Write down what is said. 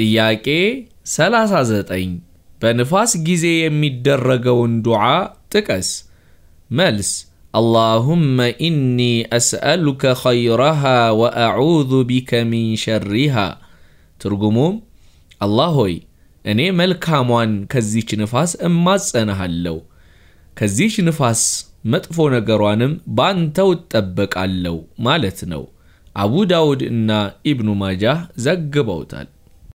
ጥያቄ 39 በንፋስ ጊዜ የሚደረገውን ዱዓ ጥቀስ። መልስ አላሁመ ኢኒ አስአሉከ ኸይረሃ ወአዑዙ ቢከ من ሸሪሃ። ትርጉሙም አላህ ሆይ እኔ መልካሟን ከዚች ንፋስ እማጸንሃለሁ፣ ከዚች ንፋስ መጥፎ ነገሯንም ባንተው እጠበቃለሁ ማለት ነው። አቡ ዳውድ እና ኢብኑ ማጃህ ዘግበውታል።